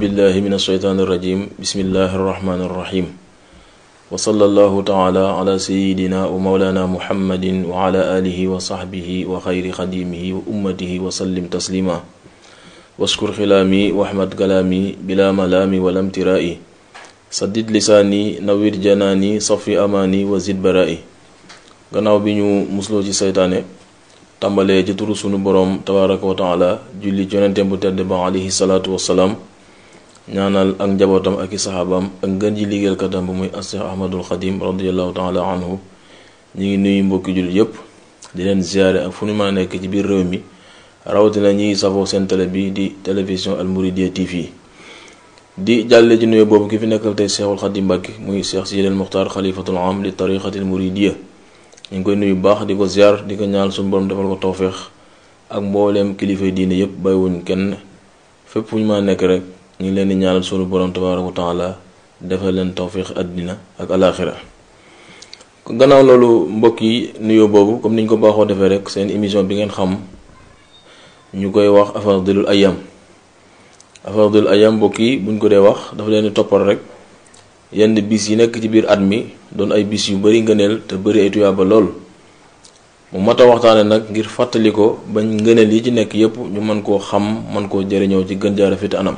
billahi min alsheytaani irrajim bismillahi arrahmaani irrahim wa sallallahu taala ala sayidina wa mawlana muhammadin wa ala alihi wa amaani wa zid baraa'i gannaaw ci seytaane tàmbalee ci turu sunu boroom tabaraka wa julli yonenteem bu tedd ba alayhi salaatu wassalaam ñaanal ak njabootam ak i saxaabaam ak ngën ji liggéeyalkatam bu muy Seex Ahmadul Xadim radiallahu taala anhu ñu ngi nuyu mbokki jullit yépp di leen ziyaare ak fu ñu mën a nekk ci biir réew mi rawatina ñiy safoo seen télé bi di télévision Al Mouridiyyah TV di jàlle ci nuyu boobu ki fi nekkal tey Seexul Xadim Mbàkke muy Seex Sidil Muxtaar xalifatul am li tariqatil Mouridiyyah ñu ngi koy nuyu baax di ko ziar di ko ñaan su borom defal ko tawféex ak mbooleem kilifa diine yépp bàyyiwuñ kenn fépp fu ñu nekk rek ñu ngi leen di ñaanal sunu borom tabaaraka wa taala defal leen tawfiix àddina ak alaaxira gannaaw loolu mbokk yi nuyoo boobu comme niñ ko baaxoo defee rek seen émission bi ngeen xam ñu koy wax afadilul ayam afadilul ayam mbokk yi buñ ko dee wax dafa leen toppal rek yenn bis yi nekk ci biir at mi doon ay bis yu bari ngëneel te bari ay tuyaaba lool mu mat a waxtaane nag ngir fàttali ko bañ ngëneel yi ci nekk yépp ñu mën koo xam mën koo jëriñoo ci gën jaarafit anam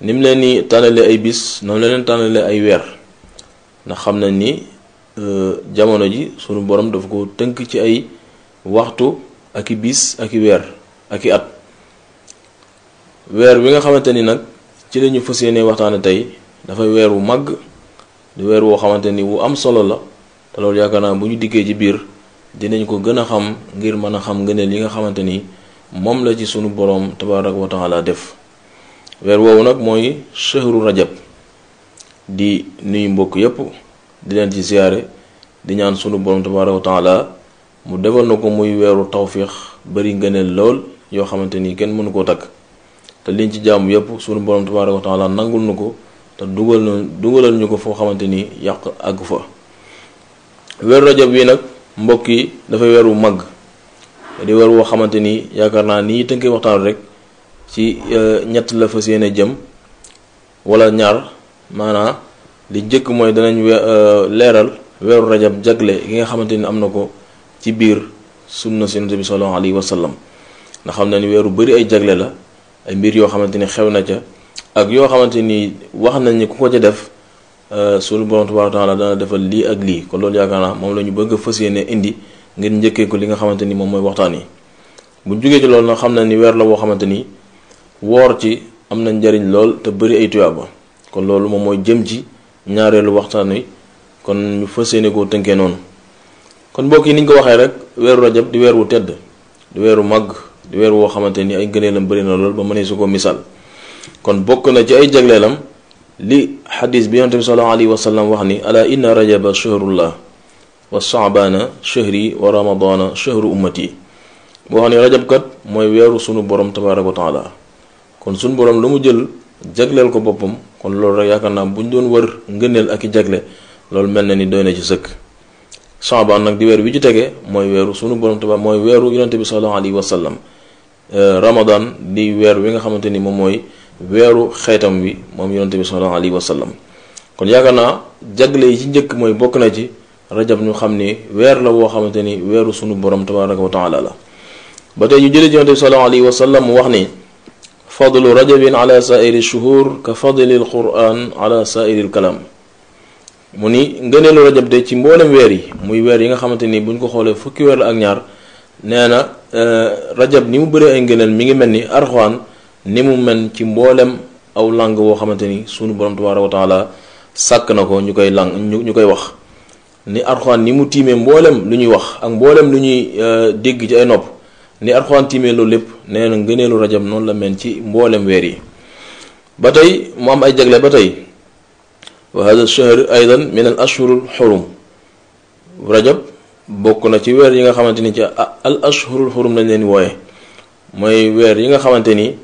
nim leen ni tànnale ay bis noonu la leen tànnale ay weer ndax xam na ni euh, jamono ji sunu borom dafa ko tënk ci ay waxtu ak i bis ak i weer ak i at weer bi nga xamante ni nag ci lañu fas yéene waxtaane tey dafay weer wu màgg di weer woo xamante ni wu am solo la te yaakaar naa bu ñu diggee ci biir dinañ ko gën a xam ngir mën a xam ngëneel yi nga xamante ni moom la ci sunu borom tabaaraka wa taala def weer woowu nag mooy shahru rajab di nuyu mbokk yépp di leen ci ziyaare di ñaan sunu borom tabaaraka wa taala mu defal na ko muy weeru tawfiix bari ngëneel lool yoo xamante ni kenn mënu koo takk te liñ ci jaamu yépp sunu borom tabaaraka wa taala nangul nu ko te dugal na dugalal ñu ko foo xamante ni yàq àgg fa weeru rajab wi nag mbokk yi dafay weeru wu màgg di weer woo xamante ni yaakaar naa ni tënkee waxtaan rek ci euh, ñett la fas yéene jëm wala ñaar maanaam li njëkk mooy danañ euh, leeral weeru rajab jagle gi nga xamante ni am na ko ci biir sunna si nabi sallallahu alayhi wa sallam nga xam ne ni weeru bëri ay jagle la ay mbir yoo xamante ni xew na ca ak yoo xamante ni wax nañ ni ku ko ca def euh, sunu borom tabaaraka taala dana defal lii ak lii ko loolu yaakaar naa moom la ñu bëgg a fas yéene indi ngeen njëkkee ko li nga xamante ni moom mooy waxtaan yi bu jógee ci loolu nag xam na xamante ni woor ci am na njariñ lool te bari ay tuyaaba kon loolu moom mooy jëm ci ñaareelu waxtaan wi kon ñu fas yéene koo tënkee noonu kon mbokk yi ni ñu ko waxee rek weeru rajab di weer wu tedd di weeru màgg di weer woo xamante ni ay ngëneelam bari na lool ba mënee su ko misaal kon bokk na ci ay jagleelam li xadis bi yonent bi sallallahu alayhi wa wax ni ala inna rajaba shahrullah wa saabaana shahri wa ramadaana shahru ummati boo xam ne rajab kat mooy weeru sunu borom tabaaraka wa taala kon suñu borom lu mu jël jagleel ko boppam kon loolu rek yaakaar naa bu ñu doon wër ngëneel ak i jagle loolu mel na ni doy na ci sëkk Shaabaan nag di weer wi ci tege mooy weeru sunu borom tubaab mooy weeru yonente bi sallallahu alayhi wa sallam euh, Ramadan di weer wi nga xamante ni moom mooy weeru xeetam wi moom yonente bi sallallahu alayhi wa sallam kon yaakaar naa jagle yi ci njëkk mooy bokk na ci rajab ñu xam ni weer la woo xamante ni weeru suñu borom tabaraka wa taala la ba tey ñu jëlee ci yonente bi sallallahu alayhi wa sallam wax ni. fadlu rajabin ala saairi shuhur ka fadlil quran ala saairil kalam mu ni ngëneelu rajab de ci mboolem weer yi muy weer yi nga xamante ni buñ ko xoolee fukki weer la ak ñaar nee na eh, rajab ni mu bëree ay ngëneel mi ngi mel ni arxuwaan ni mu mel ci mbooleem aw làng woo xamante ni sunu borom tabaaraka wa taala sàkk na ko ñu koy làng ñu ñu koy wax ni arxuwaan ni mu tiimee mboolem lu ñuy wax ak mboolem lu ñuy eh, dégg ci ay nopp ni alxuraan tiimee loolu lépp nee na ngëneelu rajab noonu la mel ci mboolem weer yi ba tey mu am ay jagle ba tey wa hada shahr aydan min al ashhurul xurum rajab bokk na ci weer yi nga xamante ni ci al ashhurul xurum lañ leen wooye mooy weer yi nga xamante ni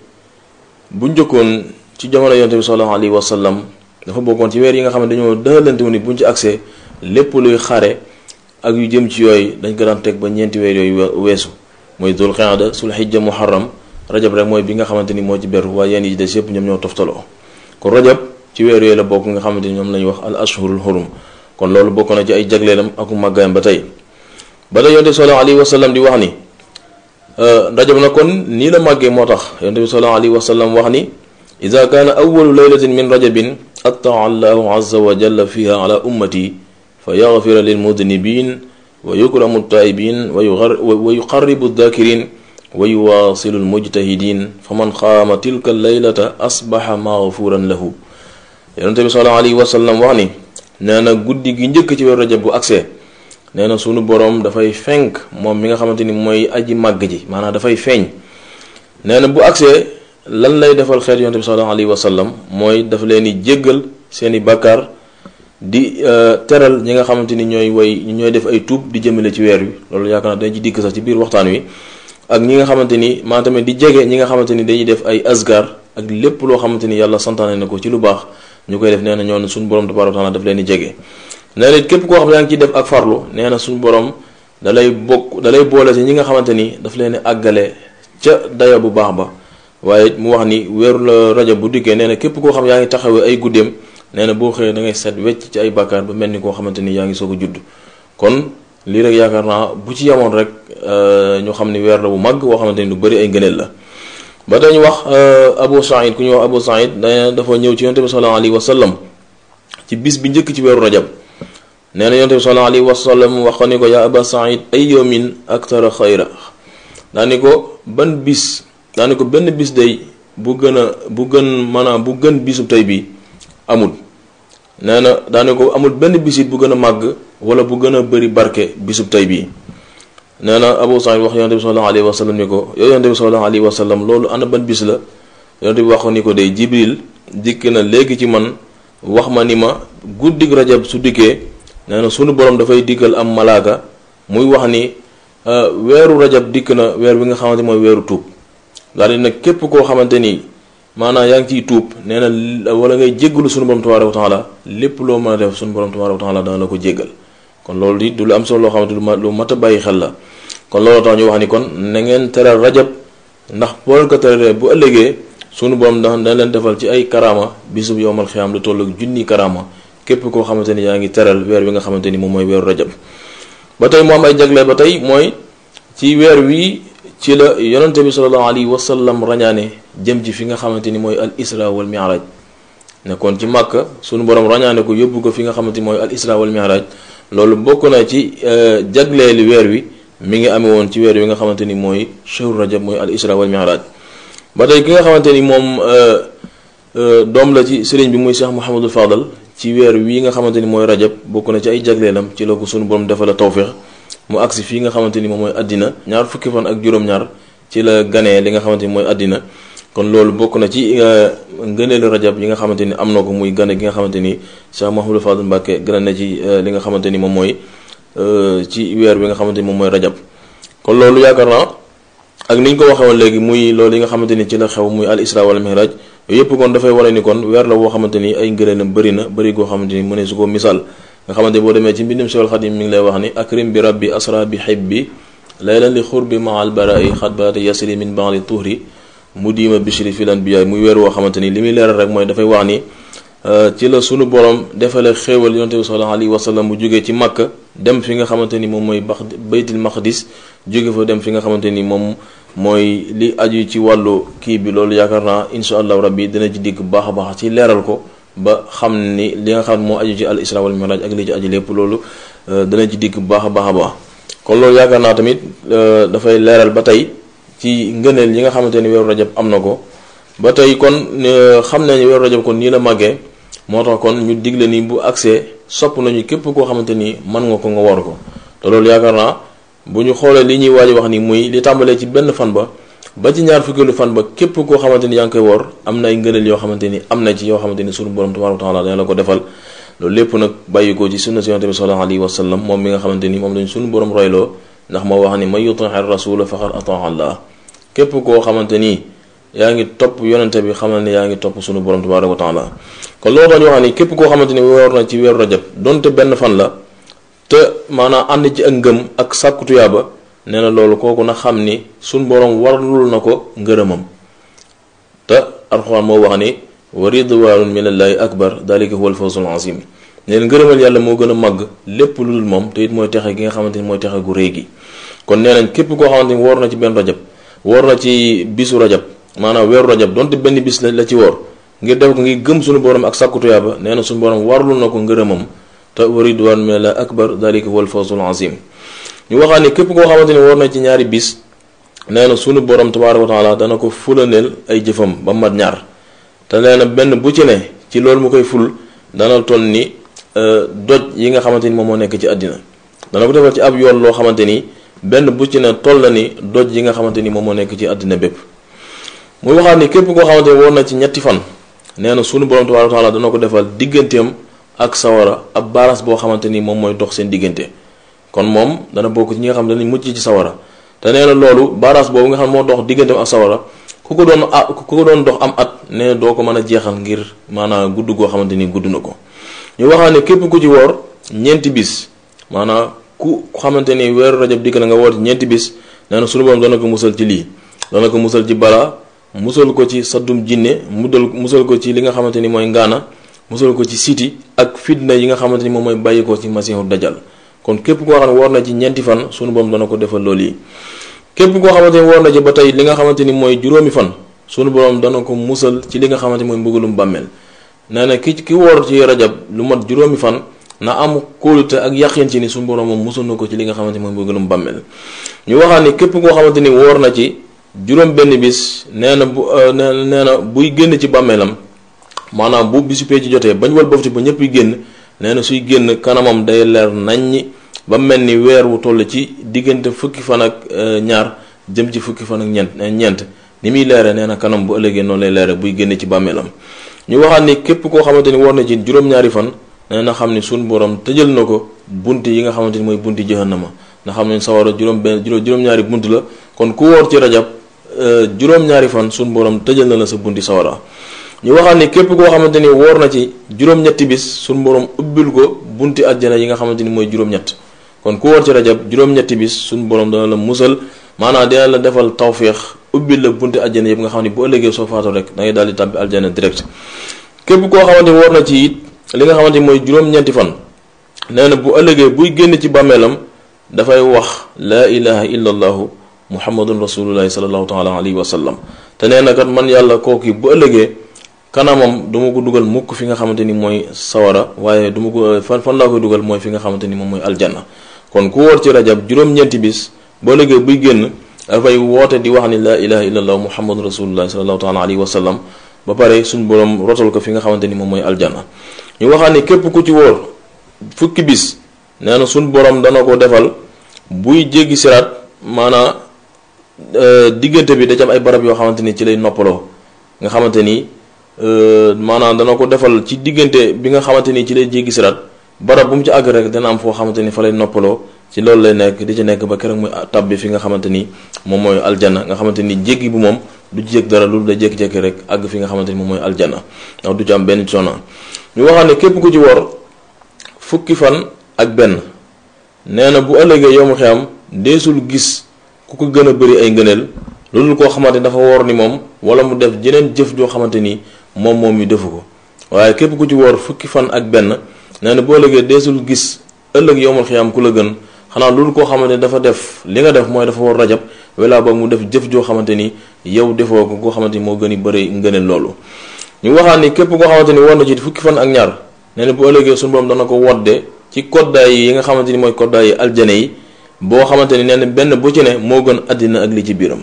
bu njëkkoon ci jamono yonte bi sallallahu alayhi wa sallam dafa bokkoon ci weer yi nga xamante dañoo dëxalante wu ni buñ ci accès lépp luy xare ak yu jëm ci yooyu dañ ko teg ba ñeenti weer yooyu weesu mooy dul qaada sul xijja muharram rajab rek mooy bi nga xamante ni moo ci beru waaye yenn yi des yëpp ñoom ñoo toftaloo kon rajab ci weer yooyu la bokk nga xamante ni ñoom la ñuy wax al ashhurul xurum kon loolu bokk na ci ay jagleelam ak màggaayam ba tey ba tey yonte sallallahu alayhi wa sallam di wax ni euh, rajab na kon nii la màggee moo tax yonte bi sallallahu alayhi wa sallam wax ni ida kaana awalu laylatin min rajabin attaa allahu azza wa fiha ala ummati fa yaxfira lil mudnibin wa yukramu ltaibin wa yuqarribu aldakirin wa yuwaasilu almujtahidin fa man qaama tilka alleylata asbaxa maxfuran lahu yonente bi sallallahu alayhi wa sallam wax ni nee na guddi gi njëkk ci weeru rajab bu agsee nee na sunu boroom dafay fenk moom mi nga xamante ni mooy aji màgg ji maanaa dafay feeñ nee na bu agsee lan lay defal xeet yonente bi sallallahu alayhi wa mooy dafa leen di jéggal seeni bàkkaar di euh, teral ñi nga xamante ni ñooy way ñooy def ay tuub di jëmale ci weer wi loolu yaakaar naa dañ ci dikk sax ci biir waxtaan wi ak ñi nga xamante ni maa tamit di jege ñi nga xamante ni dañuy def ay asgar ak lépp loo xamante ni yàlla santaane na ko ci lu baax ñu koy def nee na ñoon suñu borom tabaaraka taala daf leen di jege nee na képp koo xam ne yaa ngi ciy def ak farlu nee na suñu borom da bokk da lay boole si ñi nga xamante ni daf leen di àggale ca da bu baax ba waaye mu wax ni weeru la bu dikkee nee na koo xam yaa ngi taxawee ay guddeem nee na boo xëyee da ngay set wecc ci ay bàkkaar ba mel ni koo xamante ni yaa ngi soog a judd kon lii rek yaakaar naa bu ci yemoon rek euh, ñu xam ni weer la bu mag boo xamante ni lu bëri ay ngëneel la ba dañu wax euh, Abu Saïd ku ñuy wax Abu Saïd dafa ñëw ci yonte bi sallallahu alayhi wa ci bis bi njëkk ci weeru rajab nee na yonte bi sallallahu alayhi wa sallam wax ko ni ko yaa Aba Saïd ay yawmin aktara xayra daani ko ban bis daani ko benn bis day bu gën a bu gën maanaam bu gën bisub tey bii amul nee na daane ko amul benn bisit bu gën a màgg wala bu gën a bari barke bisub tey bii nee na Abu Saïd wax yonente bi sallallahu wax wa sallam ni ko yow yonente bi sallallahu alayhi wa sallam loolu ana ban bis la yonente bi wax ni ko de Jibril dikk na léegi ci man wax ma ni ma guddig rajab su dikkee nee na sunu borom dafay diggal am malaaga muy wax ni ah, weeru rajab dikk na weer bi nga xamante mooy weeru tuub daal di nag képp koo xamante ni maanaam yaa ngi ciy tuub nee na wala ngay jéggalu sunu borom tabaaraka wa la lépp loo mën a def sunu borom tabaaraka wa la dana la ko jéggal kon loolu di du lu am solo loo xamante lu mat a bàyyi xel la kon loolu tax ñu wax ni kon na ngeen tere rajab ndax boo leen ko teree bu ëllëgee sunu borom da dana leen defal ci ay karama bisub yowmal xiyaam lu toll ak junni karaama képp koo xamante ni yaa ngi teral weer wi nga xamante ni moom mooy weeru rajab tey mu am ay jagleel ba tey mooy ci weer wi ci la yonante bi sallallahu alayhi wa sallam rañaane jëm ji fi nga xamante ni mooy al isra wal mi'raj nekkoon ci màkk sunu borom rañaane ko yóbbu ko fi nga xamante ni mooy al isra wal mi'raj loolu bokk na ci euh, jagleeli weer wi mi ngi amee woon ci weer wi nga xamante ni mooy shahru rajab mooy al isra wal mi'raj ba tey ki nga xamante ni moom euh, euh, doom la ci sëriñ bi muy Cheikh Mouhamadul Fadal ci weer wii nga xamante ni mooy rajab bokk na ci ay jagleelam ci la ko sunu borom defal la mu agsi fii nga xamante ni moom mooy àddina ñaar fukki fan ak juróom-ñaar ci la ganee li nga xamante ni mooy àddina kon loolu bokk na ci euh, ngëneelu rajab yi nga xamante ni am na ko muy gane gi nga xamante ni Cheikh Mouhamadou Fadel Mbacke gën na ci euh, li nga xamante ni moom mooy euh, ci weer bi nga xamante ni moom mooy rajab kon loolu yaakaar naa ak ni ñu ko waxee woon léegi muy loolu yi nga xamante ni ci la xew muy al isra wal mihraj yooyu yëpp kon dafay wane ni kon weer la boo xamante ni ay ngëneelam bëri na bëri koo xamante ni mu ne su ko misaal nga xamante boo demee ci mbindum Seexul Xadim mi ngi lay wax ni akrim bi rabbi asra bi xib bi laylan li xur bi maal barai xat baati yasri min baali mu diima bishri fil anbiya muy weer woo xamante ni li muy leeral rek mooy dafay wax ni euh, ci la sunu borom defale xéewal yonente bi sallallahu alayhi wa sallam mu jógee ci màkk dem fi nga xamante ni moom mooy bax baytil maqdis jóge fa dem fi nga xamante ni moom mooy li aju ci wàllu kii bi loolu yaakaar naa insha allahu rabbi dina ci digg baax a baax ci leeral ko ba xam ni li nga xam moo aju ci al isra wal miraj ak li ci aju lépp loolu euh, dana ci digg baax a baax a baax kon loolu yaakaar naa tamit euh, dafay leeral ba tey ci ngëneel yi nga xamante ni weeru rajab am na ko ba tey kon xam nañu weeru rajab kon nii la màggee moo tax kon ñu digle ni bu agsee sopp nañu képp koo xamante ni mën nga ko nga war ko te loolu yaakaar naa bu ñu xoolee li ñuy waaj wax ni muy li tàmbalee ci benn fan ba ba ci ñaar fukkeelu fan ba képp koo xamante ni yaa ngi koy woor am na ngëneel yoo xamante ni am na ci yoo xamante ni sunu borom tabaaraka taala dana ko defal loolu lépp nag bàyyi ko ci sunna si yonent bi moom mi nga xamante ni moom lañ sunu borom moo wax ni man képp koo xamante ni yaa ngi topp yonente bi xamal ne yaa ngi topp sunu borom tabaaraka wa taala kon loolu dañu wax ni képp koo xamante ni woor na ci weeru rajab donte benn fan la te maanaam ànd ci ak ngëm ak sàkku tuyaaba nee na loolu kooku na xam ni sunu borom warlul na ko ngërëmam te alxuraan moo wax ni wa ridwaanun minallaahi akbar dalika huwa alfawzul azim neen ngërëmal yàlla moo gën a màgg lépp lu dul moom te it mooy texe gi nga xamante ni mooy texe gu réy gi kon nee nañ képp koo xamante ni woor na ci benn rajab woor na ci bisu rajab maanaam weeru rajab donte benn bis la ci woor ngir def ko ngir gëm suñu borom ak sàkku tuyaaba nee na suñu borom warlu na ko ngërëmam te wa ridwan min allah akbar dalika wal fawzul azim ñu waxaat ni képp koo xamante ni woor na ci ñaari bis nee na suñu borom tabaaraka wa taala dana ko fulaneel ay jëfam ba mat ñaar te nee na benn bu ci ne ci loolu mu koy ful dana toll ni euh, doj yi nga xamante ni moom moo nekk ci àddina dana ko defal ci ab yoon loo xamante ni benn bu ci toll na ni doj yi nga xamante ni moom moo nekk ci àddina bépp muy waxaat ni képp koo xamante ni woon na ci ñetti fan nee sunu borom tabaaraka wa taala dana ko defal digganteem ak sawara ab baras boo xamante ni moom mooy dox seen diggante kon moom dana bokk ci ñi nga xam ne dañuy mucc ci sawara te na loolu baras boobu nga xam moo dox digganteem ak sawara ku ko doon a ku ko doon dox am at nee doo ko mën a jeexal ngir maanaam gudd goo xamante ni gudd na ko ñu waxaat ne képp ku ci woor ñeenti bis maanaam. ku xamante ni weeru rajab dikk na nga woor ci ñeenti bis nee sunu borom dana ko musal ci lii dana ko musal ci balaa musal ko ci saddum jinne mudal musal ko ci li nga xamante ni mooy ngaana musal ko ci siti ak yi nga xamante ni moom mooy bàyyi ko ci masiixu dajal kon képp koo xam ne woor na ci ñeenti fan sunu borom dana ko defal loolu yi képp koo xamante ni woor na ci ba tey li nga xamante ni mooy juróomi fan sunu borom dana ko musal ci li nga xamante ni mooy mbugalum bàmmeel nee na ki ki woor ci rajab na am kóolute ak yàqin ci ni suñu borom moom mosoon na ko ci li nga xamante mooy mbugalum bàmmeel ñu waxaat képp koo xamante ni woor na ci juróom bis nee na bu euh, nee na buy génn ci bàmmeelam maanaam bu bisu ci jotee bañ wal bofti ba ñëpp yi génn nee na suy génn kanamam day leer naññ ba mel ni weer wu toll ci diggante fukki fan ak euh, ñaar jëm ci fukki fan ak ñeent eh, ñeent ni muy leere nee na kanam bu ëllëgee noonu lay leere buy génn ci bàmmeelam ñu waxaat ni képp koo xamante ni woor na ci juróom-ñaari fan ne na xam ni suñ borom tëjal na ko bunt yi nga xamante ni mooy bunti jahannama na xam ne sawara juróom benn juróom-ñaari bunt la kon ku woor ci rajab euh, juróom-ñaari fan suñ borom tëjal na la sa bunti sawara ñu waxaat ni képp koo xamante ni woor na ci juróom-ñetti bis suñ borom ubbil ko bunti àjjana yi nga xamante ni mooy juróom-ñett kon ku woor ci rajab juróom-ñetti bis suñ borom dana la musal maanaam dina la defal tawféex ubbil la bunti àjjana yëpp nga xam ne bu ëllëgee soo faatoo rek dangay ngay daal di tàbbi àjjana direct képp koo xamante ni woor na ci it li nga xamante ni mooy juróom-ñeenti fan nee na bu ëllëgee buy génn ci bàmmeelam dafay wax laa ilaha illa allahu muhammadun rasulullahi salallahu taala alayhi wa sallam te nee na kat man yàlla kooku bu ëllëgee kanamam du ma ko dugal mukk fi nga xamante ni mooy sawara waaye du ma ko fan fan laa koy dugal mooy fi nga xamante ni moom mooy aljanna kon ku wóor ci rajab juróom-ñeenti bis bu ëllëgee buy génn dafay woote di wax ni laa ilaha illa allahu muhammadun rasulullahi salallahu taala alayhi wa sallam ba pare suñ boroom rotal ko fi nga xamante ni moom mooy aljanna ñu waxaat ni képp ku ci wóor fukki bis nee na suñ borom dana ko defal buy jéggi siraat maanaam euh, diggante bi da ci ay barab yoo xamante ni ci lay noppaloo nga xamante ni euh, maanaam dana ko defal ci diggante bi nga xamante ni ci lay jéggi siraat barab bu mu ci àgg rek dana am foo xamante ni fa lay noppaloo ci loolu lay nekk di ci nekk ba keroog muy tàbbi fi nga xamante ni moom mooy aljana nga xamante ni jéggi bu moom du ci yëg dara loolu da jékki rek àgg fi nga xamante ni moom mooy aljana ndax du ci benn coono ñu waxaat képp ku ci wor fukki fan ak benn nee na bu ëllëgee yow mu xiyam deesul gis ku ko gën a bëri ay ngëneel loolu koo xamante ni dafa wor ni moom wala mu def jeneen jëf joo xamante ni moom moom mi defu ko waaye képp ku ci woor fukki fan ak benn nee na bu ëllëgee deesul gis ëllëg yowmal xiyam ku la gën xanaa loolu koo xamante ne dafa def li nga def mooy dafa war rajab wala boog mu def jëf joo xamante ni yow defoo ko koo xamante ni moo gën a bëri ngëneel loolu ñu waxaat ni képp koo xamante ni war na ci fukki fan ak ñaar nee na bu ëllëgee suñu borom ko wodde ci koddaay yi nga xamante ni mooy koddaay yi aljane yi boo xamante ni nee na benn bu ci ne moo gën àddina ak li ci biiram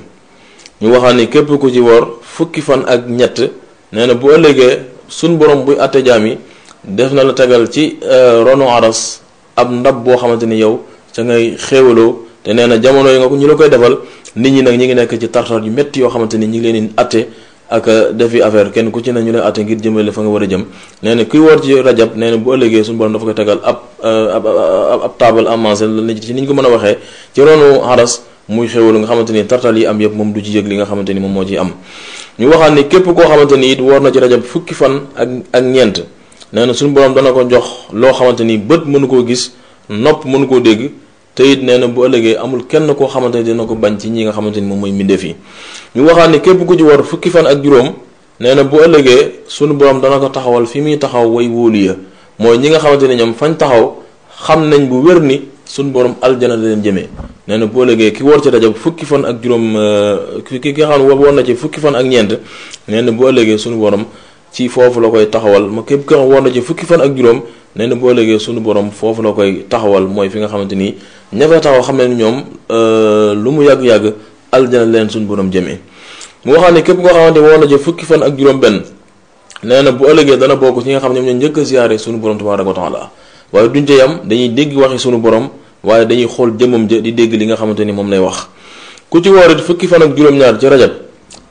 ñu waxaat ni képp ku ci woor fukki fan ak ñett nee na bu ëllëgee suñ borom buy àtte jaam yi def na la tegal ci euh, ronu aras ab ndab boo xamante ni yow ca ngay xéewaloo te nee na jamono yi nga ko ñu la koy defal nit ñi nag ñi ngi nekk ci tartar yu métti yoo xamante ni ñi ngi leen di atte ak defi affaire kenn ku ci ne ñu lay atte ngir jëmale fa nga war a jëm nee na kuy woor ci rajab nee na bu ëllëgee suñu borom dafa ko tegal euh, ab ab ab table avancé la ci ni ñu ko mën a waxee ci ronu xaras muy xéwalu nga xamante ni tartal yi am yëpp moom du ci yëg li nga xamante ni moom moo ciy am ñu waxaat ni képp koo xamante ni it woor na ci rajab fukki fan ak ak ñeent nee na suñu borom dana ko jox loo xamante ni bët mënu koo gis nopp mënu koo dégg te it nee na bu ëllëgee amul kenn koo xamante ne dina ko bañ ci ñi nga xamante ni moom mooy mbindeef yi ñu waxaat ni képp ko ci war fukki fan ak juróom nee na bu ëllëgee sunu borom dana ko taxawal fi muy taxaw way wóolu mooy ñi nga xamante ne ñoom fañ taxaw xam nañ bu wér ni sunu borom aljana la leen jëmee nee na bu ëllëgee ki war ci rajab fukki fan ak juróom euh, ki ki nga xam ne war na ci fukki fan ak ñeent nee na bu ëllëgee sunu borom. ci foofu la koy taxawal ma képp ka woon na ci fukki fan ak juróom nee na boo léegee sunu borom foofu la koy taxawal mooy fi nga xamante ni ña fa taxaw xam ne ñoom euh, lu mu yàgg-yàgg aljana leen sunu borom jëmee mu waxaat ne képp koo xamante woon na ci fukki fan ak juróom nee na bu ëllëgee dana bokk ci nga xam ñoom ñoo njëkk a ziyaare sunu borom tabaaraka wa taala waaye duñ ca yam dañuy dégg waxi sunu borom waaye dañuy xool jëmmam jë di dégg li nga xamante ni moom lay wax ku ci woor it fukki fan ak juróom-ñaar ci rajab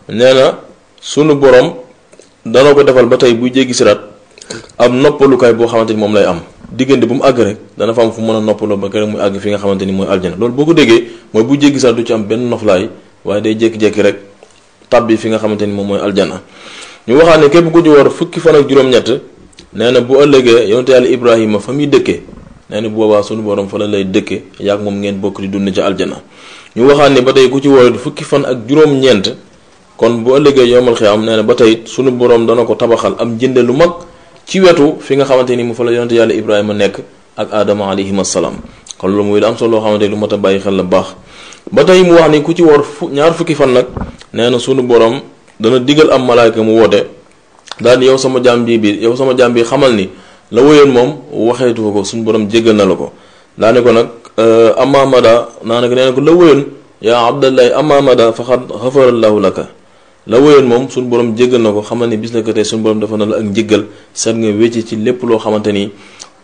nee na sunu boroom danoo ko defal ba tey buy jéggi siraat am noppalukaay boo xamante ni moom lay am diggante bu mu àgg rek dana fa am fu mën a noppaloo ba keroog muy àgg fi nga xamante ni mooy aljana loolu boo ko déggee mooy buy jéggi siraat du ci am benn noflaay waaye day jékki-jékki rek tàbbi fi nga xamante ni moom mooy aljana ñu waxaat ne képp ku ci war fukki fan ak juróom-ñett nee na bu ëllëgee yonte yàlla Ibrahima fa muy dëkkee nee na boobaa sunu borom fa la lay dëkkee yaag moom ngeen bokk di dund ca aljana ñu waxaat ba tey ku ci war fukki fan ak juróom-ñeent kon bu ëllëgee yomal xiyaam nee na ba tey sunu boroom dana ko tabaxal am jënde lu mag ci wetu fi nga xamante ni mu fa la yonente yàlla Ibrahima nekk ak Adama alayhim assalaam kon loolu muy lu am solo loo xamante ni lu mat a bàyyi xel la baax ba tey mu wax ni ku ci war ñaar fukki fan nag nee na sunu boroom dana digal am malaayka mu woote daal ni yow sama jaam bi bi yow sama jaam bi xamal ni la wéyoon moom waxeetu ko suñu borom jéggal na la ko daa ne ko nag euh, amamada naa ne ko nee na ko la wéyoon yaa abdallahi amamada faqad xafarallahu laka la woyoon moom suñu borom jéggal na ko xamal ni bis na ko tey suñu borom dafa na la ak njéggal set nga wécc ci lépp loo xamante ni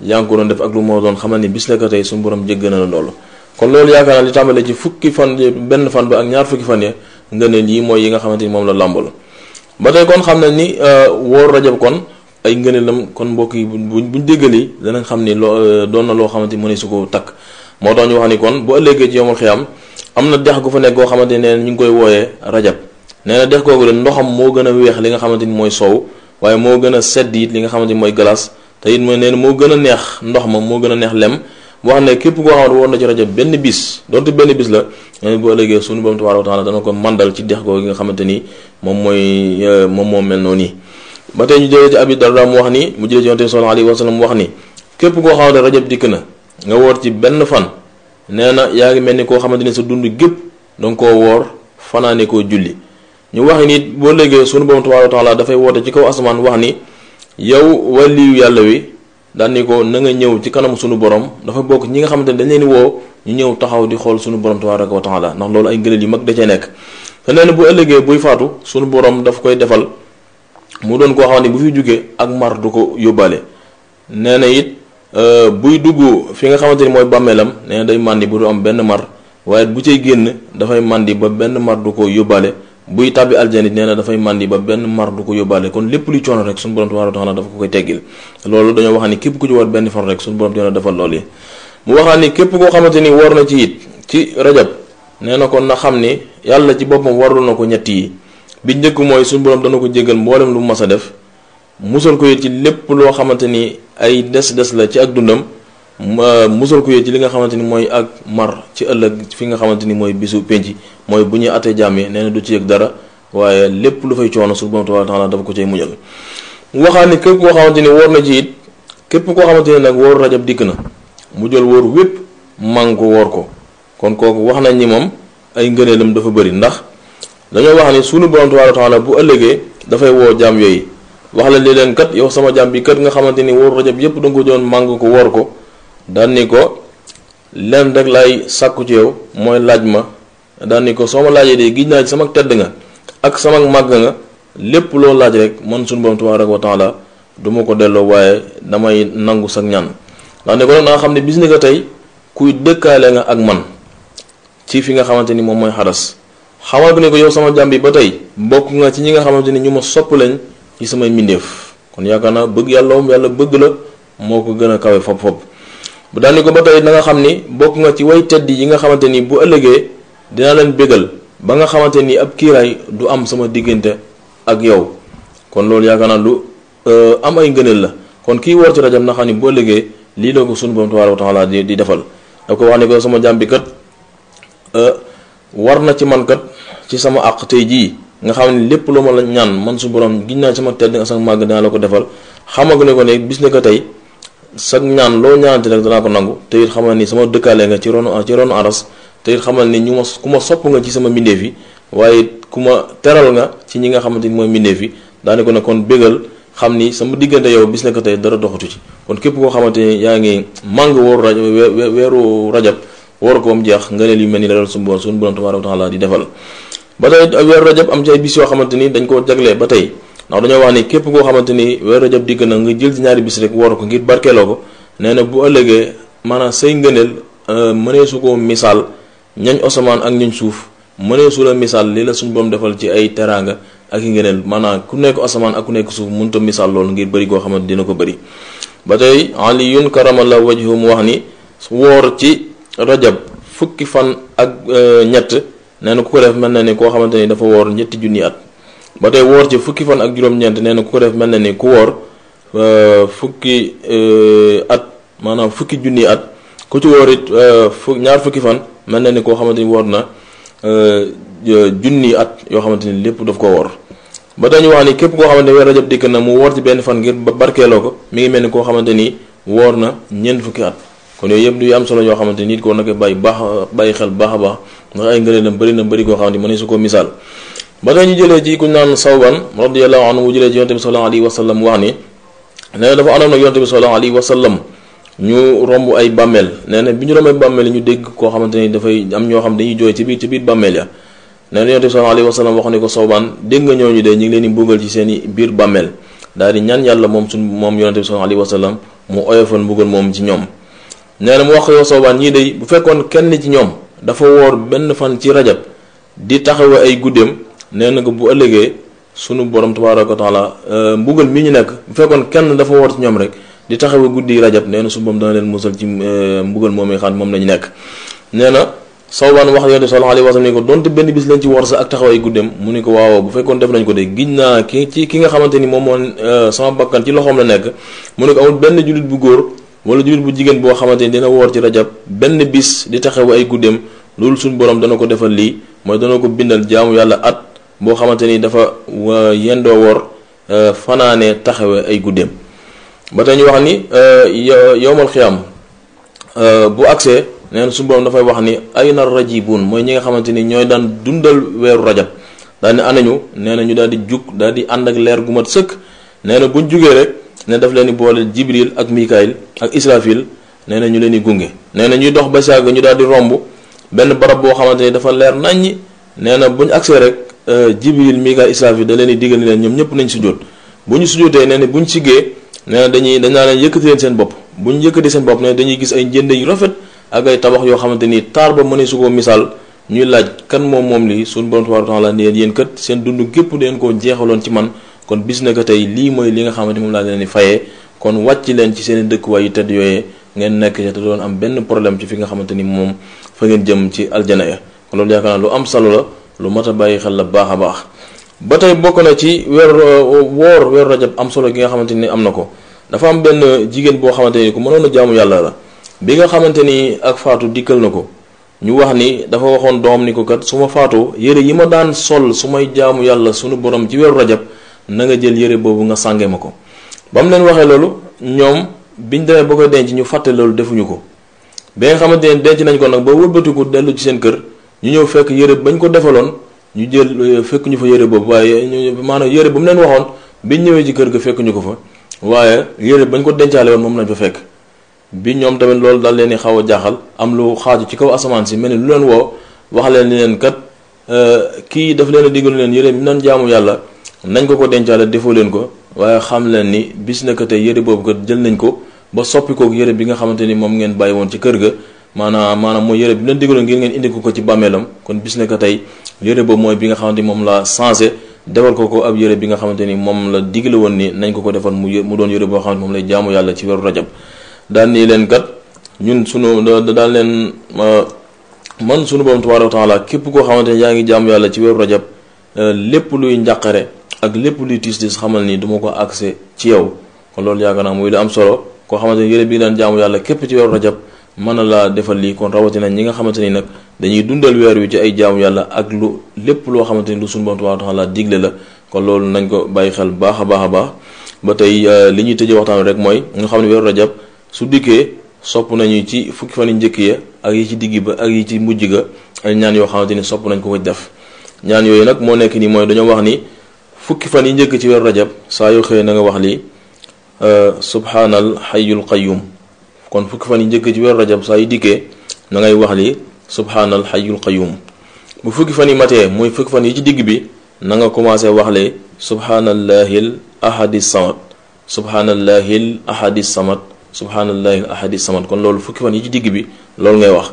yaa ko doon def ak lu moo doon xamal bis na ko tey suñu borom jéggal na la loolu kon loolu yaakaar naa li tàmbalee ci fan benn fan ba ak ñaar fukki fan ya nga mooy yi nga xamante ni moom la làmbal ba kon xam na ni euh, wóor rajab kon ay ngëneelam kon mbokk yi buñ buñ déggali danañ xam ni loo euh, doon na loo xamante ni ne su ko takk moo tax ñu wax ni kon bu ëllëgee ci yomul xiyam am na dex gu fa nekk goo xamante ne ñu ngi koy wooyee rajab nee na dex googu de ndoxam moo gën a weex li nga xamante ni mooy soow waaye moo gën a sedd it li nga xamante ni mooy glace te it mooy nee na moo gën a neex ndox ma moo gën a neex lem boo ne képp koo xam woon na ci rajo benn bis donte benn bis la nee bu ëllëgee suñu borom tabaaraka wa taala dana ko mandal ci dex googu nga xamante ni moom mooy euh, moom moo mel noonu nii ba tey ñu ci Abi Darda mu wax ni mu jëlee ci Yonent bi sallallahu alayhi wa sallam wax ni képp koo xam ne rajab dikk na nga woor ci benn fan nee na yaa ngi mel ni koo xamante ni sa dund gépp danga koo woor fanaane koo julli ñu wax it boo léegi sunu borom tabaaraka taala dafay woote ci kaw asamaan wax ni yow waliyu yàlla wi daan ni ko na nga ñëw ci kanam sunu borom dafa bokk ñi nga xamante ne dañ leen woo ñu ñëw taxaw di xool sunu borom tabaaraka taala ndax loolu ay ngëneel yu mag da cee nekk. te nee na bu ëllëgee buy faatu sunu borom daf koy defal mu doon koo xam ne bu fi jugee ak mar du ko yóbbaale nee na it euh, buy dugg fi nga xamante ni mooy bàmmeelam nee day màndi bu du am benn mar waaye bu cay génn dafay màndi ba benn mar du ko yóbbaale. buy tàbbi aljana nee na dafay màndi ba benn mar du ko yóbbaale kon lépp luy coono rek suñu borom tabaaraka taala dafa ko koy teggil loolu dañoo wax ni képp ku ci war benn fan rek suñu borom dina defal loolu yi képp koo xamante ni war na ci it ci rajab nee na kon na xam ni yàlla ci boppam warul na ko ñett yi bi njëkk mooy suñu borom dana ko jéggal mboolem lu mu mas a def musal ko it ci lépp loo xamante ni ay des-des la ci ak dundam. musal ko yee ci li nga xamante ni mooy ak mar ci ëllëg fi nga xamante ni mooy bisu penc mooy bu ñuy àttee jaam nee na du ci dara waaye lépp lu fay coono su borom tabaaraka taala dafa ko cay muñal waxaa ni képp koo xamante ni wóor na ci it képp koo xamante ni nag wóoru rajab dikk na mu jël wóor wépp man ko wóor ko kon kooku wax nañ ni moom ay ngëneelam dafa bëri ndax dañoo wax ni sunu borom tabaaraka taala bu ëllëgee dafay woo jaam yooyu wax la li leen kat yow sama jaam bi kat nga xamante ni wóoru rajab yépp da nga ko joon màng ko woor ko daan ko lenn rek laay sàkku ci yow mooy laaj ma daan ko soo ma laajee de giñ naa sama tedd nga ak sama màgg nga lépp loo laaj rek man suñu borom tabaaraka wa taala du duma ko delloo waaye damay nangu sa ñaan ndax ne ko nag naa xam ne bis ni ko tey kuy dëkkaale nga ak man ci fi nga xamante ni moom mooy xaras xamal ko ne ko yow sama jàmbi ba tey bokk nga ci ñi nga xamante ni ñu ma sopp leen ci samay mbindeef kon yaakaar naa bëgg yàlla moom yàlla bëgg la moo ko gën a kawe fopp fopp bu daani ko ba tey na nga xam ni bokk nga ci way tedd yi nga xamante ni bu ëllëgee dinaa leen bégal ba nga xamante ni ab kiiraay du am sama diggante ak yow kon loolu yaakaar naa lu euh, am ay ngëneel la kon kii war ci rajab na xam ni bu ëllëgee lii la ko sunu borom tabaaraka wa taala di defal da ko wax ne ko sama jàmm bi kat euh, war na ci man kat ci sama àq tey jii nga xam ne lépp lu ma la ñaan man su borom giñ naa sama tedd nga sama màgg dinaa la ko defal xamagu ne ko ne bis ne ko tey sag ñaan loo ñaanante rek danaa ko nangu te it xamal ni sama dëkkaale nga ci ronu ci ronu aras te it xamal ni ñu ma ku ma sopp nga ci sama mbindeef yi waaye ku ma teral nga ci ñi nga xamante ni mooy mbindeef yi daane ko ne kon bégal xam ni sama diggante yow bis na ko tey dara doxatu ci kon képp koo xamante ni yaa ngi màng wooru we weeru rajab wooru ko jeex nga ne li mel ni la doon suñu borom suñu borom tabaaraka wa taala di defal ba tey weeru rajab am ci yoo xamante ni dañ koo jaglee ba tey ndax dañoo wax ni képp koo xamante ni weer rajab dikk na nga jël ci ñaari bis rek woor ko ngir barkeeloo ko nee na bu ëllëgee maanaam say ngëneel euh, mëneesu ko misaal ñañ osamaan ak ñañ suuf mëneesu la misaal li la suñu boom defal ci ay teraanga ak yi ngëneel maanaam ku nekk osamaan ak ku nekk suuf mënut a misaal loolu ngir bëri koo xamante dina ko bari ba tey aliyun karamala wajhu mu wax ni woor ci rajab fukki fan ak euh, ñett nee na ku ko def mel na ni koo xamante ni dafa woor ñetti junni ba tey woor ci fukki fan ak juróom-ñeent nee na ku ko def mel na ni ku woor euh, fukki euh, at maanaam fukki junni at ku ci woor it euh, fu ñaar fukki fan mel na ni koo xamante ni woor na junni at yoo xamante ni daf ko woor ba tey ñu wax ni képp koo xamante ni weer rajab dikk na mu woor benn fan ngir ba barkeeloo ko mi ngi mel ni koo xamante ni woor na ñeent fukki at kon yooyu yëpp du am solo yoo xamante ni nit koo nag bàyyi baax bàyyi xel baax a baax ndax ay ngëneelam bëri na bëri koo xamante ni mënees su ko misaal ba tey jëlee ci ku naan sawban radiyallahu anhu mu jëlee ci yonte bi sallallahu alayhi wa sallam wax ni nee na dafa àndoon ak yonte bi sallallahu alayhi ñu romb ay bàmmeel nee na bi ñu rombee bàmmeel ñu dégg koo xamante ni dafay am ñoo xam dañuy jooy ci biir ci biir bàmmeel ya nee na yonte bi sallallahu alayhi wa sallam wax ne ko sawban dégg nga ñooñu de ñu ngi leen di mbugal ci seen i biir bàmmeel daal di ñaan yàlla moom suñ moom yonente bi sallallahu alayhi wa sallam mu oyofan mbugal moom ci ñoom nee na mu wax yow ñii day bu fekkoon kenn ci ñoom dafa woor benn fan ci rajab di taxawa ay guddeem nee na ko bu ëllëgee sunu borom tabaaraka wa taala euh, mbugal mi ñu nekk bu fekkoon kenn dafa war ci ñoom rek di taxawe guddi rajab nee na su boom dana leen musal ci euh, mbugal moom yi xam moom lañu nekk nee na sawbaan wax yonte sallallahu alayhi wa sallam ni ko donte benn bis lañ ci war sa ak taxaway guddeem mu ne ko waawoo bu fekkoon def nañ ko de giñ naa ki ci ki nga xamante ni moom moo euh, sama bakkan ci loxoom la nekk mu ne ko amul benn jullit bu góor wala jullit bu jigéen boo xamante ni dina woor ci rajab benn bis di taxaw ay guddeem loolu suñu borom dana ko defal lii mooy dana ko bindal jaamu yàlla at boo xamante ni dafa euh, yendoo wor euh, fanaane taxawe ay guddeem ba tey ñu wax ni euh, yowmal xiyaam bu agsee neen suñu borom dafay wax ni ay na rajibun mooy ñi nga xamante ni ñooy daan dundal weeru rajab daal ni anañu nee na ñu daal di jug daal di ànd ak leer gu mat sëkk nee na buñ jugee rek ne daf leen di boole jibril ak mikaayil ak israfil nee na ñu leen di gunge nee na ñuy dox ba sàgg ñu daal di romb benn barab boo xamante ni dafa leer naññi nee na buñ agsee rek Euh, jibril mika israfil da leen di digal ni leen ñoom ñëpp nañ sujjóot bu ñu sujjóotee nee na bu ñu siggee nee na dañuy dañ naa leen yëkkati leen seen bopp bu ñu yëkkati seen bopp nee na dañuy gis ay jënd yu rafet ak ay tabax yoo xamante ni taar ba mënee su ko misaal ñuy laaj kan moom moom lii suñu borom tabaaraka taala laa yéen kat seen dund gépp deen ko jeexaloon ci man kon bis na ko tey lii mooy li nga xamante moom laa leen di fayee kon wàcc leen ci seen dëkkuwaay yu tedd yooyee ngeen nekk te doon am benn problème ci fi nga xamante ni moom fa jëm ci aljana ya loolu yaakaar lu am solo la lu mat a bàyyi xel la baax a baax ba tey bokk na ci weer uh, woor weeru rajab am solo gi nga xamante ni am na ko dafa am benn jigéen boo xamante ni ku mënoon a jaamu yàlla la bi nga xamante ni ak faatu dikkal na ko ñu wax ni dafa waxoon doom ni ko kat su ma faatoo yére yi ma daan sol su may jaamu yàlla sunu borom ci weeru rajab na nga jël yére boobu nga sàngee ma ko ba mu leen waxee loolu ñoom biñ demee ba koy denc ñu fàtte loolu defuñu ko ba nga xamante ne denc nañ ko nag ba wëlbatiku dellu ci seen kër ñu ñëw fekk yére bañ ko defaloon ñu jël euh, fekk ñu fa yére boobu waaye maanaam yére ba mu leen waxoon biñ ñëwee ci kër ga fekk ñu ko fa waaye yére bañ ko dencaale woon moom lañ fa fekk bi ñoom tamit loolu daal leen di xaw a jaaxal am lu xaaju ci kaw asamaan si mel ni lu leen woo wax leen ni leen kat euh, kii daf leen a digal leen yére bi nan jaamu yàlla nañ ko ko dencaale defoo leen ko waaye xam leen ni bis na ko tey yére boobu kat jël nañ ko ba soppi kook bi nga xamante ni moom ngeen bàyyi woon ci kër ga maanaam maanaam mooy yére bi leen digaloon ngir ngeen indi ko ko ci bàmmeelam kon bis ne ko tey yére boobu mooy bi nga xamante ni moom laa changé defal ko ko ab yére bi nga xamante ni moom la digale woon ni nañ ko ko defal mu mu doon yére boo xamante moom lay jaamu yàlla ci weeru rajab daal nii leen kat ñun sunu daal leen man sunu borom tabaaraka wa taala képp koo xamante ni yaa ngi jaamu yàlla ci weeru rajab euh, lépp luy njàqare ak lépp luy tiis tiis xamal ni duma ko accès ci yow kon loolu yaakaar naa muy lu am solo koo xamante ni yére bi ngi daan jaamu yàlla képp ci weeru rajab mën na laa defal lii kon rawatina ñi nga xamante ni nag dañuy dundal weer wi ci ay jaamu yàlla ak lu lépp loo xamante ni lu sunu Boroom tabaaraka wa laa digle la ko loolu nañ ko bàyyi xel baax a baax a baax ba tey euh, li ñuy tëjee waxtaan rek mooy nga xam ne weeru rajab su dikkee sopp nañu ci fukki fa yu njëkk ya ak yi ci digg ba ak yi ci mujj ga ay ñaan yoo xamante ni sopp nañ ko ko def ñaan yooyu nag moo nekk nii mooy dañoo wax ni fukki fan yi njëkk ci weeru rajab saa yoo xëyee na nga wax lii euh, subhaanal xayyul qayyum kon fukki fan yi njëkk ci weeru rajab saa yu dikkee na ngay wax li subhaanal xayyul qayyum bu fukki fan yi matee muy fukki fan ci digg bi na nga commencé wax li subhaanallahil ahadi samad subhaanallahil ahadi samad subhaanallahil ahadi samad kon loolu fukki fan yi ci digg bi loolu ngay wax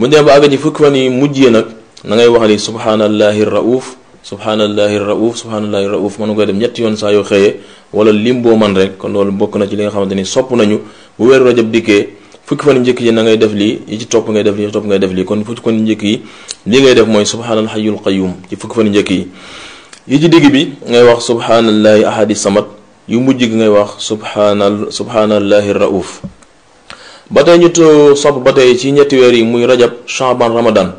bu ñu demee ba àgg ci fukki fan yi mujjee nag na ngay wax li subhaanallahi rauf subhaanallahi rauf subhaanallahi rauf mën nga dem ñetti yoon saa yoo xëyee wala lim boo man rek kon loolu bokk na ci li nga xamante ni sopp nañu bu weeru rajab dikkee fukki fan njëkk yi na ngay def lii yi ci topp ngay def lii ci topp ngay def lii kon fukki fan njëkk yi li ngay def mooy subhaanal hayyul qayyum ci fukki fan njëkk yi ci digg bi ngay wax subhaanallahi ahadi samad yu mujj ki ngay wax subhaanal subhaanallahi rauf ba tey ñu sopp ba tey ci ñetti weer yi muy rajab chaban ramadan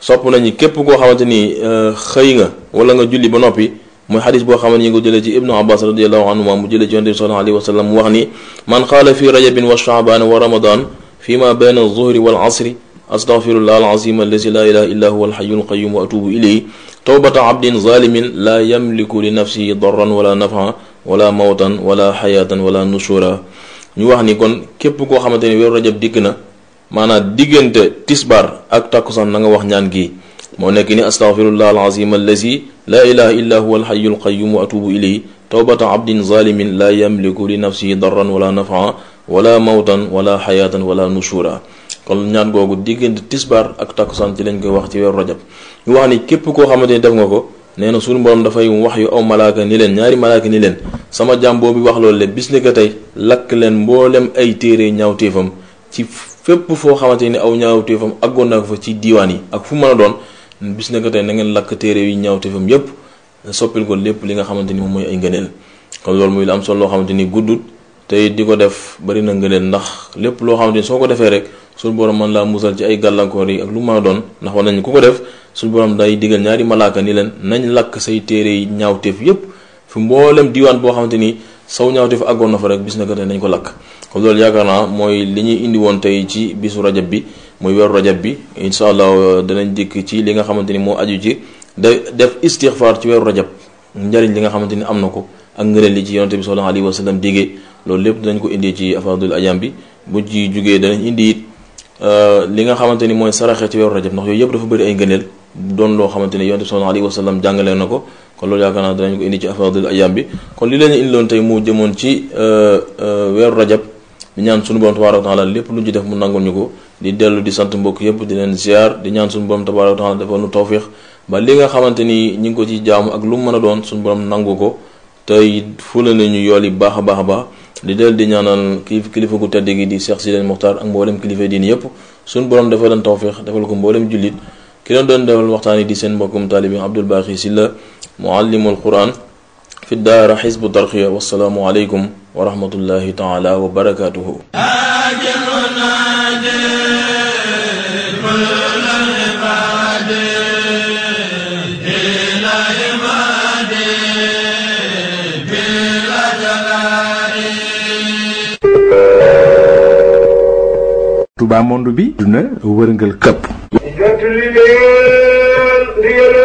sopp nañu képp koo xamante ni euh, xëy nga wala nga julli ba noppi mooy xadis boo xam ne ñu ngi ko jëlee ci ibnu abbas radiallahu anhuma mu jëlee ci yonent bi sallallahu alayhi wa sallam mu wax ni man qaala fi rajabin wa chaabaani wa ramadan fi ma bayna alzuhri wal asri astaghfirullah alazim allazi la ilaha illa huwa alxayu alqayum wa atubu ilayhi tawbata abdin zalimin la yamliku li nafsihi darran wala nafan wala mawtan wala xayaatan wala nusura ñu wax ni kon képp koo xamante ni weeru rajab dikk na maanaam diggante tisbar ak takkusan na nga wax ñaan gi moo nekk ni astaghfirullah alazim allazi la ilaha illa huwa alhayu alqayum wa atubu ilayhi tawbata abdin zalimin la yamliku li nafsihi darran wala nafaa wala mawtan wala xayaatan wala nushura kon ñaan googu diggante tisbaar ak takkusaan ci lañ koy wax ci weeru rajab ñu wax ni képp koo xamante ni def nga ko nee na suñu borom dafay wax yu aw malaaka ni leen ñaari malaaka ni leen sama jaam boobu wax loolu le bis ni tey lakk leen mboolem ay téere ñaawteefam ci fépp foo xamante ni aw ñaawteefam aggoon na ko ci diiwaan yi ak fu mën a doon bis na ko nangeen na ngeen lakk téere yi ñaaw tefam yépp soppil ko lépp li nga xamante ni moom mooy ay ngëneel kon loolu muy lu am solo loo xamante ni guddut tey di ko def bari na ngëneel ndax lépp loo xamante ni soo ko defee rek suñu borom mën laa musal ci ay gàllankoor yi lu ma doon ndax nañ ku ko def suñu borom day digal ñaari malaaka ni leen nañ lakk say téere yi ñaawteef yépp fi mboolem diwaan boo xamante ni saw ñaawteef àggoon na fa rek bis na ko tey nañ ko lakk kon loolu yaakaar naa mooy li ñuy indi woon tey ci bisu rajab bi mooy weeru rajab bi incha allah euh, danañ dikk ci li nga xamante ni moo aju ci day def istixfaar ci weeru rajab njëriñ li nga xamante ni am na ko ak ngëneel li ci yonante bi sallallahu alayhi wa sallam digee loolu lépp danañ ko indi ci afadul ajam bi bu ci jugee indi euh, li nga xamante ni mooy saraxe ci weeru rajab ndax yooyu yëpp dafa bëri ay ngëneel loo xamante ni yonante bi sallallahu alayhi wa sallam jàngale na ko kon loolu yaakaar naa danañ ko indi ci kon li leen indiloon tey mu jëmoon ci euh, weeru rajab di ñaan sunu borom tabaaraka la lépp lu ñu ci def mu nangul ñu ko di dellu di sant mbokk yépp di leen ziar di ñaan sunu borom tabaaraka taala defal nu tawfiix ba li nga xamante ni ñu ngi ko ci jaamu ak lu mu mën a doon sunu borom nangu ko tey fule nañu yool yi baax a baax a baax di dellu di ñaanal kii kilifa gu tedd gi di Cheikh Sidi Mokhtar ak mboolem kilifa diin yépp sunu borom defal leen tawfiix defal ko mboolem jullit ki leen doon defal waxtaan yi di seen mbokkum taalibi Abdul Baaxi Silla muallimul Quran fi daara xisbu tarxiya wassalaamu aleykum wa rahmatullahi taala wa barakaatuhu Touba monde bi duna wërngal këpp